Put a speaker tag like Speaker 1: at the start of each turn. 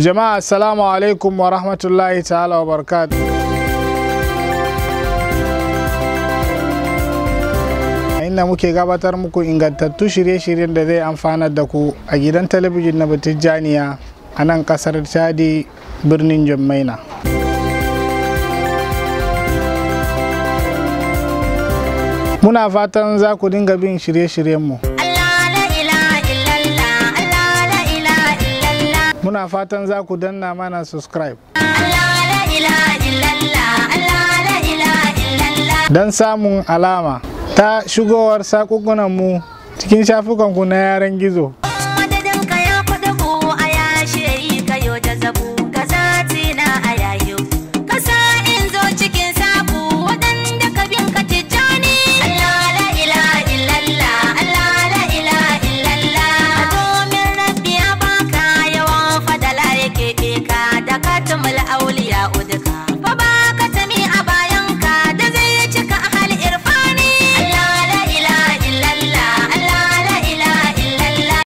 Speaker 1: jama'a assalamu alaikum wa rahmatullahi ta'ala wa barkat inda muke gabatar muku ingantattu shirye-shiryen da zai amfana da ku a gidan talabijin na batijjaniya a nan kasar chadi birnin jummaina muna fatan za ku dinga bin shirye-shiryenmu muna fatan za ku danna mana subscribe don samun alama ta shigowar sakukunanmu cikin shafukanku na yaren gizo
Speaker 2: ta mula'awa